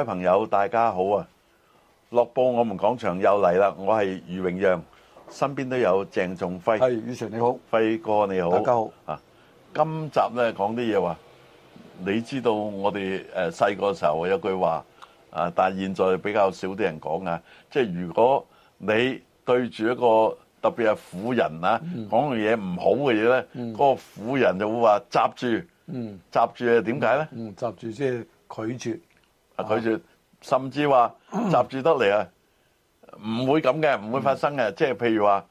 各位朋友，大家好啊！樂報，我們講場又嚟啦。我係余榮讓，身邊都有鄭仲輝。係，宇成你好，輝哥你好，大家好啊！今集咧講啲嘢話，你知道我哋誒細個時候有句話啊，但係現在比較少啲人講啊。即係如果你對住一個特別係婦人啊，講嘅嘢唔好嘅嘢咧，嗰、嗯、個婦人就會話閘住，閘住啊？點解咧？閘住即係拒絕。拒絕，甚至話閘住得嚟啊。唔、嗯、會咁嘅，唔會發生嘅。即係譬如話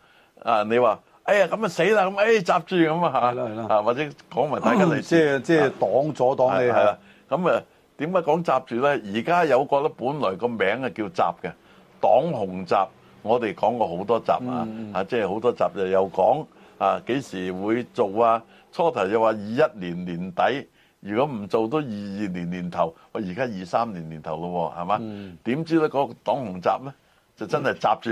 啊你話哎呀咁啊死啦咁，哎閘住咁啊嚇，啊或者講埋大家嚟，即係即係擋阻擋你啦。咁啊點解講閘住咧？而家有個呢本來個名啊叫閘嘅，擋洪閘，我哋講過好多集啊，啊即係好多集又又講啊幾時會做啊？初頭又話二一年年底。如果唔做都二二年年頭，我而家二三年年頭咯，係嘛？點、嗯、知咧嗰個擋洪閘咧，就真係閘住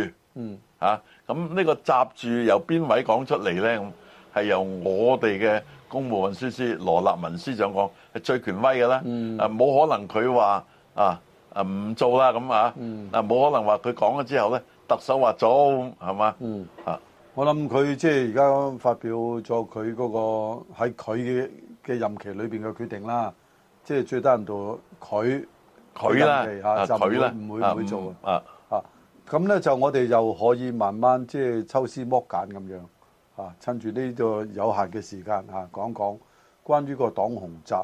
嚇。咁呢、嗯啊、個閘住由邊位講出嚟咧？咁係由我哋嘅公務運輸司，司羅立文司長講，係最權威嘅啦、嗯啊。啊，冇可能佢話啊啊唔做啦咁啊，啊冇、啊、可能話佢講咗之後咧，特首話做係嘛？嗯、啊，我諗佢即係而家發表咗佢嗰個喺佢。嘅。嘅任期裏邊嘅決定啦，即係最低人度，佢佢啦就唔會唔會做啊。咁咧就我哋又可以慢慢即係、就是、抽絲剝繭咁樣、啊、趁住呢個有限嘅時間、啊、講講關於個擋洪閘。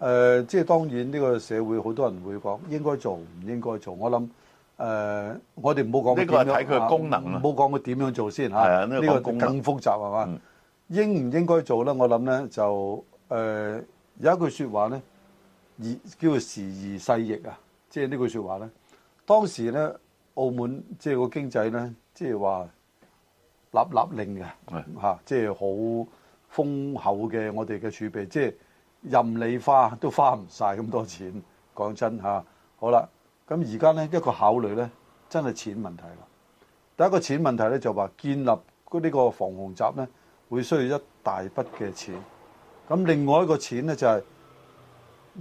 啊、即係當然呢個社會好多人會講應該做唔應該做，我諗、啊、我哋唔好講呢個睇佢功能，唔好講佢點樣做先呢、呢個、個更複雜係嘛？嗯、應唔應該做咧？我諗咧就。誒、呃、有一句説話咧，叫做時移世易啊！即係呢句説話咧，當時咧澳門即係個經濟咧，即係話立立令嘅嚇的、啊，即係好豐厚嘅我哋嘅儲備，即係任你花都花唔晒咁多錢。講真嚇、啊，好啦，咁而家咧一個考慮咧，真係錢問題啦。第一個錢問題咧就話建立呢個防洪閘咧，會需要一大筆嘅錢。咁另外一個錢咧就係，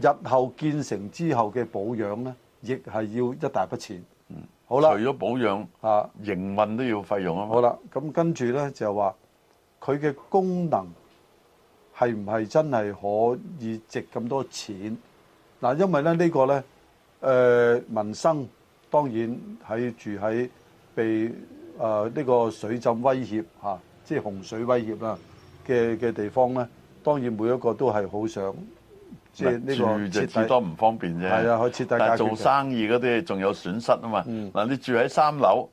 日後建成之後嘅保養咧，亦係要一大筆錢。嗯，好啦，除咗保養啊，營運都要費用啊、嗯。好啦，咁跟住咧就話，佢嘅功能係唔係真係可以值咁多錢？嗱、啊，因為咧呢、這個咧，誒、呃、民生當然喺住喺被啊呢、呃呢個水浸威脅嚇、啊，即係洪水威脅啊嘅嘅地方咧。當然每一個都係好想，即係呢個，住就最多唔方便啫。係啊，可以但係做生意嗰啲仲有損失啊嘛。嗱、嗯，你住喺三樓，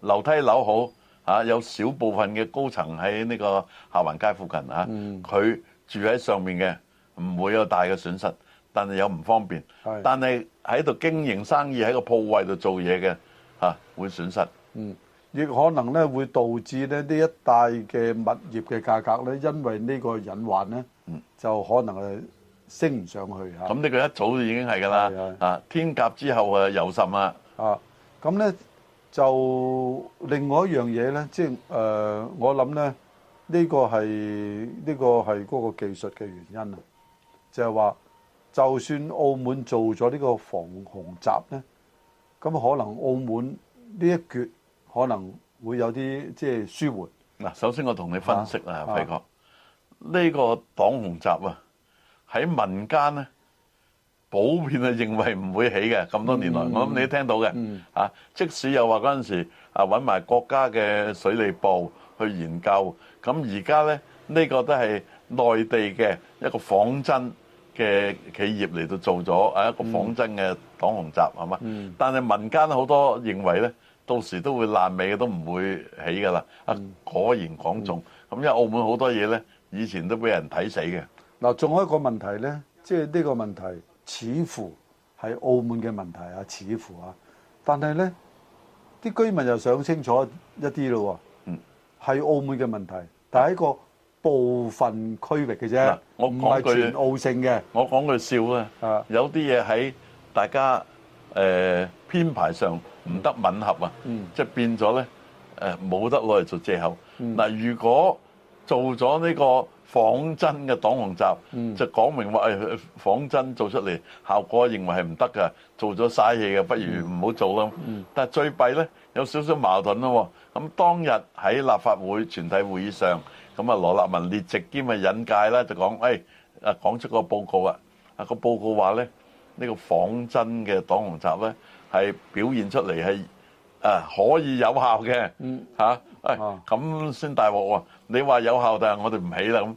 樓梯樓好嚇，有少部分嘅高層喺呢個下環街附近嚇，佢、嗯、住喺上面嘅，唔會有大嘅損失，但係有唔方便。是但係喺度經營生意喺個鋪位度做嘢嘅嚇，會損失。嗯。亦可能咧，會導致咧呢一帶嘅物業嘅價格咧，因為呢個隱患咧，就可能係升唔上去吓。咁呢個一早已經係㗎喇啊！天甲之後啊，又甚啦啊！咁咧就另外一樣嘢咧，即係誒，我諗咧呢個係呢個係嗰個技術嘅原因啊，就係話就算澳門做咗呢個防洪閘咧，咁可能澳門呢一橛。可能會有啲即係舒緩嗱。首先我同你分析啦，費、啊、哥，呢個擋洪閘啊，喺、啊、民間咧普遍係認為唔會起嘅。咁多年來，嗯、我諗你聽到嘅、嗯、啊，即使又話嗰陣時啊揾埋國家嘅水利部去研究，咁而家咧呢、這個都係內地嘅一個仿真嘅企業嚟到做咗啊、嗯、一個仿真嘅擋洪閘，係嘛？嗯、但係民間好多認為咧。到時都會爛尾嘅，都唔會起噶啦。啊、嗯，果然講中咁，嗯、因為澳門好多嘢咧，以前都俾人睇死嘅。嗱，仲有一個問題咧，即係呢個問題，似乎係澳門嘅問題啊，似乎啊，但係咧，啲居民又想清楚一啲咯喎。嗯，係澳門嘅問題，但係一個部分區域嘅啫、嗯。我講句、我唔係全澳性嘅。我講句笑啊，的有啲嘢喺大家誒、呃、編排上。嗯唔得吻合啊！嗯、即係變咗咧，冇得攞嚟做借口。嗱、嗯，如果做咗呢個仿真嘅擋洪閘，嗯、就講明話、哎、仿真做出嚟效果，認為係唔得噶，做咗嘥嘢嘅，不如唔好做啦。嗯、但最弊咧，有少少矛盾咯、啊。咁當日喺立法會全體會議上，咁啊羅立文列席兼嘅引介呢，就講誒啊講出個報告啊，啊、個報告話咧呢、呢個仿真嘅擋洪閘咧。係表現出嚟係可以有效嘅。咁先大鑊喎！你話有效，但係我哋唔起啦咁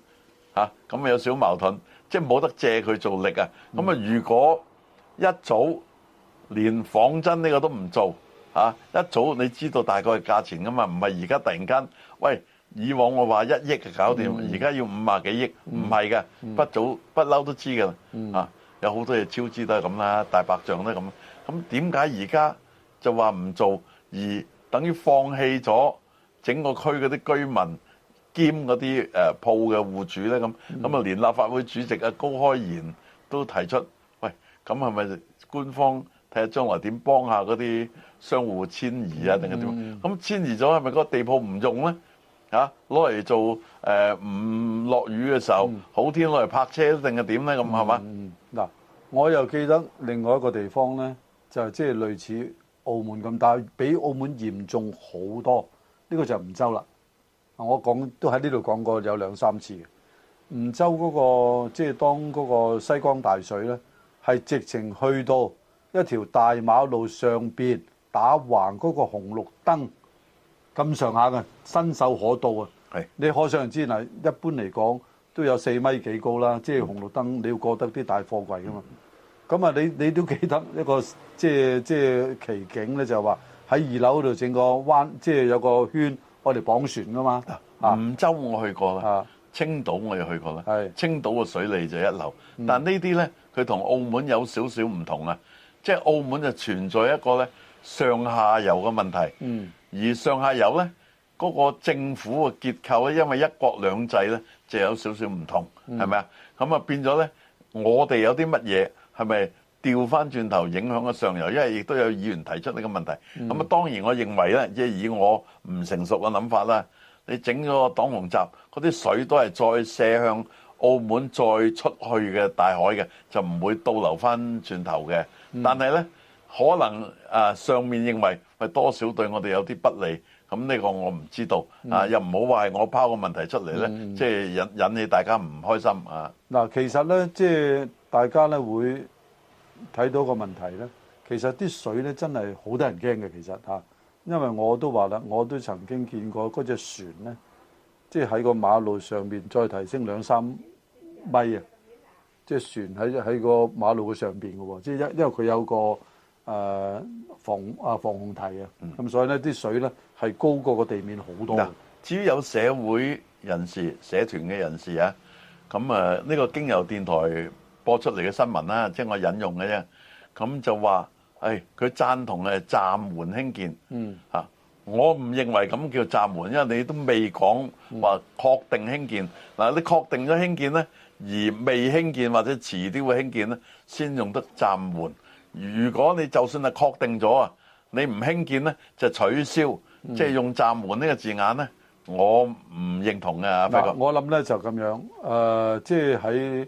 嚇，咁啊有少矛盾，即係冇得借佢做力啊！咁啊，如果一早連仿真呢個都唔做、啊、一早你知道大概價錢㗎嘛、啊，唔係而家突然間喂，以往我話一億搞掂，而家、嗯、要五啊幾億，唔係㗎。嗯、不早、嗯、不嬲都知㗎啦、啊、有好多嘢超支都係咁啦，大白象都係咁、啊。咁點解而家就話唔做，而等於放棄咗整個區嗰啲居民兼嗰啲誒鋪嘅戶主咧？咁咁啊，連立法會主席啊高開賢都提出，喂，咁係咪官方睇下將來點幫下嗰啲商戶遷移啊？定係點？咁遷移咗係咪嗰個地鋪唔用咧？嚇、啊，攞嚟做誒唔落雨嘅時候，好天攞嚟泊車定係點咧？咁係嘛？嗱，嗯、吧我又記得另外一個地方咧。就係即係類似澳門咁，但係比澳門嚴重好多。呢、這個就係梧州啦。我講都喺呢度講過有兩三次。梧州嗰、那個即係、就是、當嗰個西江大水呢，係直情去到一條大馬路上邊打橫嗰個紅綠燈咁上下嘅，伸手可到啊！是你可想而知啦。一般嚟講都有四米幾高啦，即、就、係、是、紅綠燈你要過得啲大貨櫃噶嘛。咁啊！你你都記得一個即係即係奇景咧，就係話喺二樓嗰度整個灣，即係有個圈，我哋綁船噶嘛。梧州我去過啦，青島我又去過啦。青島嘅水利就一流，但係呢啲咧，佢同澳門有少少唔同啊。即係澳門就存在一個咧上下游嘅問題，而上下游咧嗰個政府嘅結構咧，因為一國兩制咧就有少少唔同，係咪啊？咁啊變咗咧，我哋有啲乜嘢？係咪調翻轉頭影響個上游？因為亦都有議員提出呢個問題。咁啊，當然我認為咧，即係以我唔成熟嘅諗法啦，你整咗個擋洪閘，嗰啲水都係再射向澳門，再出去嘅大海嘅，就唔會倒流翻轉頭嘅。但係咧，可能啊上面認為，喂多少對我哋有啲不利。咁呢個我唔知道。啊，又唔好話係我拋個問題出嚟咧，即係引引起大家唔開心啊。嗱，其實咧，即係。大家咧會睇到個問題咧，其實啲水咧真係好得人驚嘅。其實嚇，因為我都話啦，我都曾經見過嗰隻船咧，即係喺個馬路上面再提升兩三米啊！即係船喺喺個馬路嘅上邊嘅喎，即係因因為佢有個誒防啊防洪堤啊，咁所以咧啲水咧係高過個地面好多、嗯。至於有社會人士、社團嘅人士啊，咁啊呢個經由電台，播出嚟嘅新聞啦，即、就、係、是、我引用嘅啫。咁就話，誒、哎、佢贊同誒暫緩興建。嗯。嚇，我唔認為咁叫暫緩，因為你都未講話確定興建。嗱、嗯，你確定咗興建咧，而未興建或者遲啲會興建咧，先用得暫緩。如果你就算係確定咗啊，你唔興建咧，就取消，嗯、即係用暫緩呢個字眼咧，我唔認同嘅。嗯、不過我諗咧就咁樣，誒、呃，即係喺。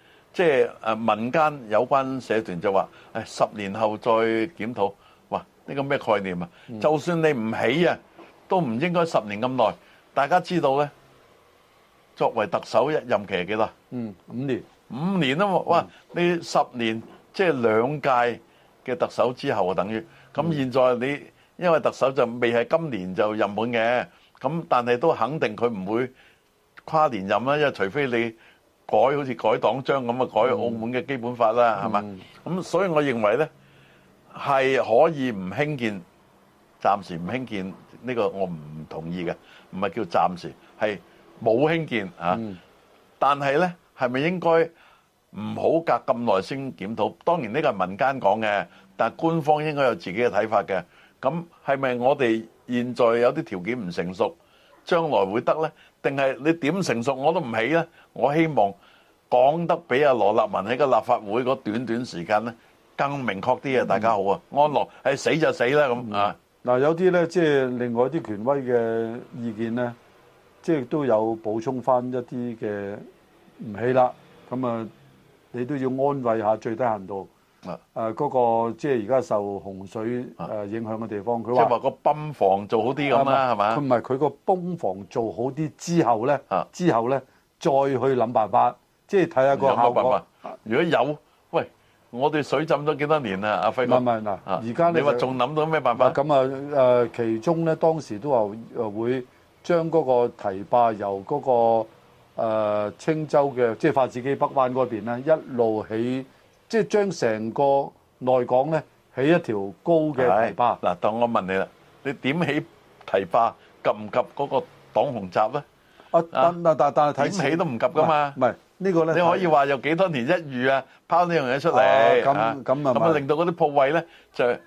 即係民間有關社團就話：誒十年後再檢討，哇！呢個咩概念啊？就算你唔起啊，都唔應該十年咁耐。大家知道呢，作為特首一任期係幾耐？嗯，五年。五年啊嘛，哇，你十年即係兩屆嘅特首之後啊，等於咁。現在你因為特首就未係今年就任滿嘅，咁但係都肯定佢唔會跨年任啦，啊，因為除非你。改好似改黨章咁啊，改澳門嘅基本法啦，係嘛？咁所以我認為呢，係可以唔興建，暫時唔興建呢個我唔同意嘅，唔係叫暫時，係冇興建嚇。但係呢，係咪應該唔好隔咁耐先檢討？當然呢個係民間講嘅，但係官方應該有自己嘅睇法嘅。咁係咪我哋現在有啲條件唔成熟，將來會得呢？定係你點成熟我都唔起呢？我希望講得比阿羅立文喺個立法會嗰短短時間咧，更明確啲啊，嗯、大家好啊，安樂係死就死啦咁啊！嗱、嗯嗯、有啲咧即係另外啲權威嘅意見咧，即、就、係、是、都有補充翻一啲嘅唔起啦，咁啊你都要安慰下最低限度。啊！誒嗰、呃那個即係而家受洪水誒、呃啊、影響嘅地方，佢話即係話個泵房做好啲咁啦，係咪、啊？唔係佢個泵房做好啲之後咧，啊、之後咧再去諗辦法，即係睇下個效果。辦法啊、如果有，喂，我哋水浸咗幾多年啦，阿輝。唔係唔係，嗱，而家、啊、你話仲諗到咩辦法？咁啊誒、呃，其中咧當時都話誒會將嗰個堤壩由嗰、那個青、呃、州嘅即係發展區北灣嗰邊咧，一路起。即係將成個內港咧起一條高嘅堤壩。嗱，當我問你啦，你點起堤壩急唔急嗰個擋洪閘咧？啊，但但但但係點起都唔急噶嘛。唔係呢個咧，你可以話有幾多年一遇啊，拋呢樣嘢出嚟啊。咁咁啊嘛。咁啊令到嗰啲鋪位咧就誒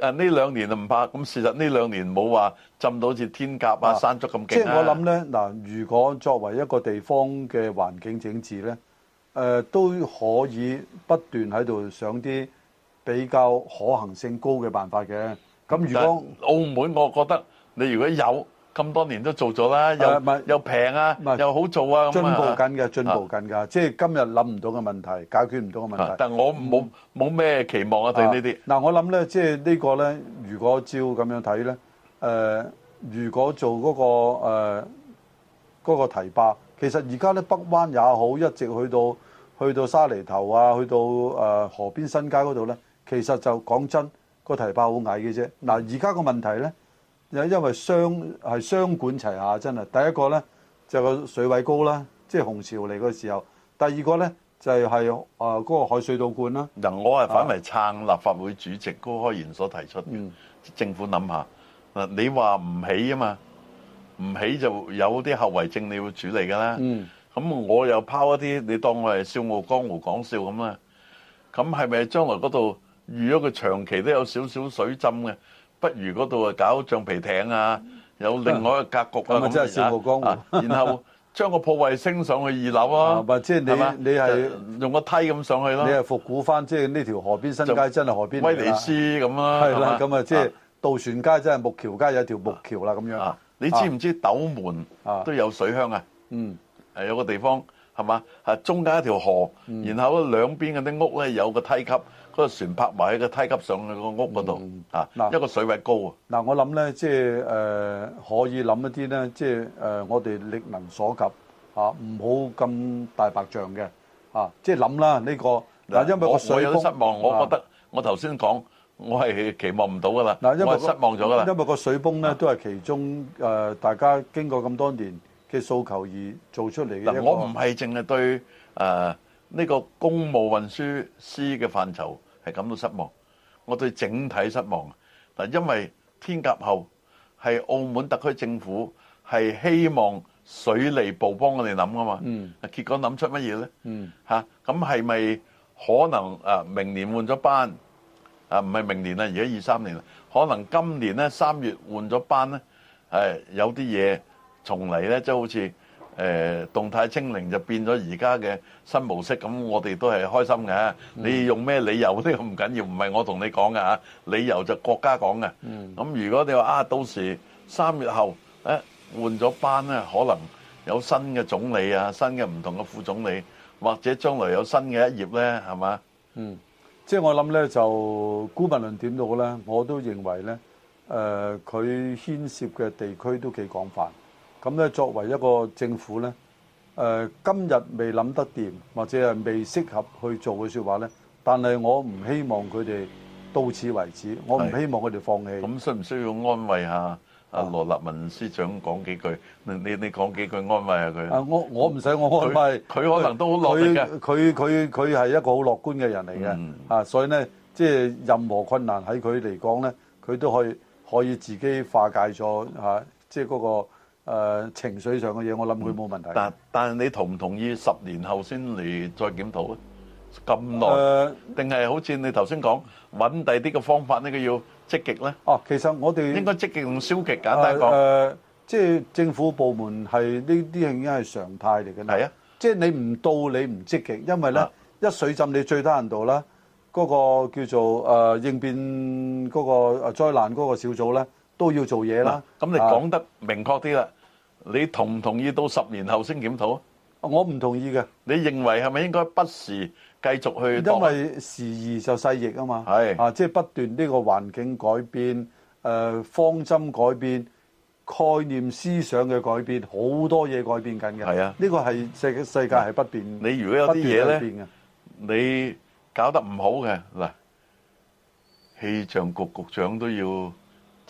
啊呢兩年就唔怕。咁事實，呢兩年冇話浸到好似天鴿啊山竹咁勁啊。即係我諗咧，嗱，如果作為一個地方嘅環境整治咧。誒都可以不斷喺度想啲比較可行性高嘅辦法嘅。咁如果澳門，我覺得你如果有咁多年都做咗啦，又唔係又平啊，又，啊唔係又好做啊，進步緊嘅，進步緊㗎。啊、即係今日諗唔到嘅問題，解決唔到嘅問題。啊、但係我冇冇咩期望啊，對啊呢啲。嗱我諗咧，即係呢個咧，如果照咁樣睇咧，誒、呃、如果做嗰、嗰個誒嗰、呃嗰個堤壩其實而家咧北灣也好，一直去到。去到沙梨頭啊，去到河邊新街嗰度咧，其實就講真、個堤壩好矮嘅啫。嗱，而家個問題咧，又因為雙係雙管齊下，真係第一個咧就個、是、水位高啦，即係洪潮嚟嘅時候；第二個咧就係誒嗰個海水道灌啦。嗱，我係反為撐立法會主席高開賢所提出嘅、嗯、政府諗下嗱，你話唔起啊嘛？唔起就有啲後遺症，你要處理㗎啦。嗯咁我又拋一啲，你當我係笑傲江湖講笑咁啦。咁係咪將來嗰度預咗個長期都有少少水浸嘅，不如嗰度啊搞橡皮艇啊，有另外一個格局咁啊。咁真係笑傲江湖。啊、然後將個鋪位升上去二樓啊，即係、嗯就是、你吧你係是用個梯咁上去咯、啊。你係復古翻，即係呢條河邊新街真係河邊威尼斯咁啦。係啦、嗯，咁啊即係渡船街真係木橋街有條木橋啦咁樣。啊、你知唔知斗門都有水鄉啊？嗯。誒有個地方係嘛？係中間一條河，然後咧兩邊嗰啲屋咧有個梯級，嗰個船泊埋喺個梯級上嘅個屋嗰度啊！嗱，一個水位高啊！嗱，我諗咧即係誒可以諗一啲咧，即係誒我哋力能所及嚇，唔好咁大白象嘅嚇，即係諗啦呢個。嗱，因為個水泵，我有啲失望，我覺得我頭先講我係期望唔到噶啦。嗱，因為失望咗噶啦。因為個水泵咧都係其中誒，大家經過咁多年。嘅訴求而做出嚟嘅一個，嗱，我唔係淨係對誒呢個公務運輸司嘅範疇係感到失望，我對整體失望。嗱，因為天鴿後係澳門特區政府係希望水利部幫我哋諗啊嘛，嗯，結果諗出乜嘢咧？嗯，嚇，咁係咪可能誒明年換咗班？啊，唔係明年啦，而家二三年，可能今年咧三月換咗班咧，誒有啲嘢。從嚟咧，即係好似誒動態清零就變咗而家嘅新模式，咁我哋都係開心嘅。你用咩理由都唔緊要，唔係我同你講嘅嚇，理由就國家講嘅。咁如果你話啊，到時三月後誒換咗班咧，可能有新嘅總理啊，新嘅唔同嘅副總理，或者將來有新嘅一頁咧，係嘛？嗯，即係我諗咧，就古文論點到咧，我都認為咧，誒佢牽涉嘅地區都幾廣泛。咁咧，作為一個政府咧，誒、呃，今日未諗得掂，或者係未適合去做嘅說話咧，但係我唔希望佢哋到此為止，是我唔希望佢哋放棄。咁需唔需要安慰下阿羅立文司長講幾句？啊、你你講講幾句安慰下佢？啊，我我唔使我安慰佢，可能都好樂嘅。佢佢佢係一個好樂觀嘅人嚟嘅、嗯、啊，所以咧，即、就、係、是、任何困難喺佢嚟講咧，佢都可以可以自己化解咗啊，即係嗰個。誒情緒上嘅嘢，我諗佢冇問題。但但係你同唔同意十年後先嚟再檢討啊？咁耐定係好似你頭先講，搵第啲嘅方法咧，佢要積極咧？哦，其實我哋應該積極同消極簡單講。誒，即係政府部門係呢啲嘢已經係常態嚟嘅啦。係啊，即係你唔到你唔積極，因為咧一水浸你最得人道啦。最低限度嗰個叫做誒應變嗰個誒災難嗰個小組咧。都要做嘢啦，咁你講得明確啲啦。你同唔同意到十年後先檢討啊？我唔同意嘅。你認為係咪應該不時繼續去？因為時移就世易啊嘛。係啊，即係不斷呢個環境改變、誒方針改變、概念思想嘅改變，好多嘢改變緊嘅。係啊，呢個係世世界係不變。你如果有啲嘢咧變啊，你搞得唔好嘅嗱，氣象局局長都要。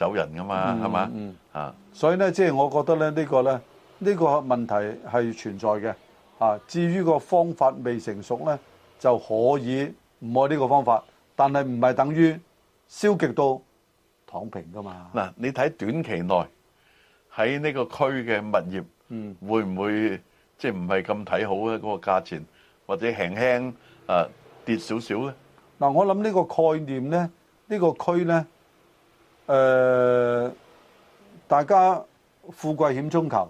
走人㗎嘛，係嘛？啊，所以咧，即係我覺得咧，呢個咧，呢個問題係存在嘅。啊，至於個方法未成熟咧，就可以唔愛呢個方法，但係唔係等於消極到躺平㗎嘛？嗱，你睇短期內喺呢個區嘅物業會唔會即係唔係咁睇好咧？嗰個價錢或者輕輕誒跌少少咧？嗱，我諗呢個概念咧，呢個區咧。誒、呃，大家富貴險中求，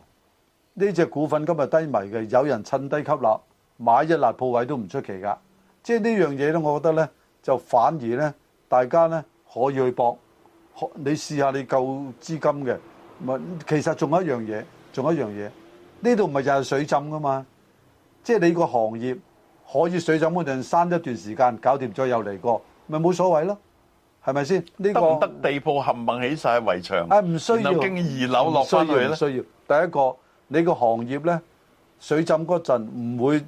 呢隻股份今日低迷嘅，有人趁低吸納買一粒鋪位都唔出奇噶。即係呢樣嘢咧，我覺得咧就反而咧，大家咧可以去搏。你試下你夠資金嘅，咪其實仲有一樣嘢，仲有一樣嘢，呢度唔係就係水浸噶嘛。即係你個行業可以水浸嗰陣，閂一段時間搞掂，再又嚟過，咪冇所謂咯。係咪先？呢個得唔得，地鋪冚唪唥起曬圍牆？啊，唔需要。然後經二樓落翻去咧。需要。第一個，你個行業咧水浸嗰陣唔會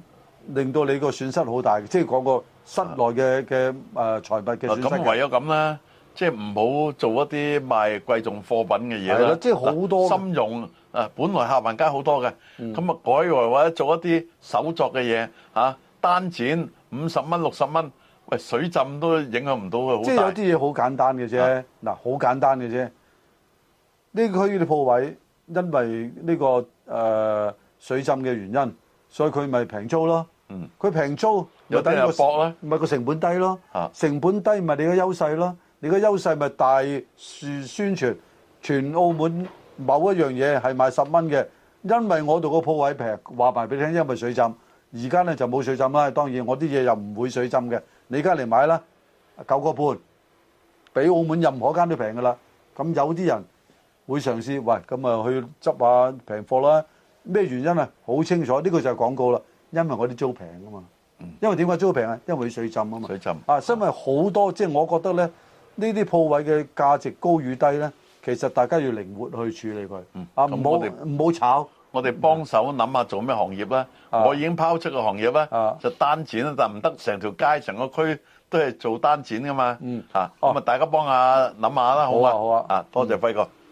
令到你個損失好大，即係嗰個室內嘅嘅誒財物嘅。咁唯有咁啦，即係唔好做一啲賣貴重貨品嘅嘢啦。係啦，即係好多。金融啊，本來客運街好多嘅，咁啊改為或者做一啲手作嘅嘢嚇，單剪五十蚊六十蚊，水浸都影響唔到嘅。很即係有啲嘢好簡單嘅啫。嗱、啊，好、啊、簡單嘅啫。呢、這個、區嘅鋪位，因為呢、這個誒、呃、水浸嘅原因，所以佢咪平租咯。嗯，佢平租等，有啲人薄啦，咪係個成本低咯。啊、成本低咪你嘅優勢咯。你嘅優勢咪大宣宣傳，全澳門某一樣嘢係賣十蚊嘅，因為我度個鋪位平，話埋俾你聽，因為水浸。而家咧就冇水浸啦，當然我啲嘢又唔會水浸嘅。你而家嚟買啦，九個半，比澳門任何間都平噶啦。咁有啲人會嘗試，喂，咁啊去執下平貨啦。咩原因啊？好清楚，呢個就係廣告啦。因為我啲租平啊嘛。因為點解租平啊？因為水浸啊嘛。水浸。啊，因為好多是的 即係我覺得咧，呢啲鋪位嘅價值高與低咧，其實大家要靈活去處理佢。嗯、啊，唔好唔好炒。我哋幫手諗下做咩行業啦，我已經拋出個行業啦，就單剪啦，但唔得成條街成個區都係做單剪㗎嘛。啊咁啊大家幫下諗下啦，好啊，好啊，好啊，多謝輝哥。嗯。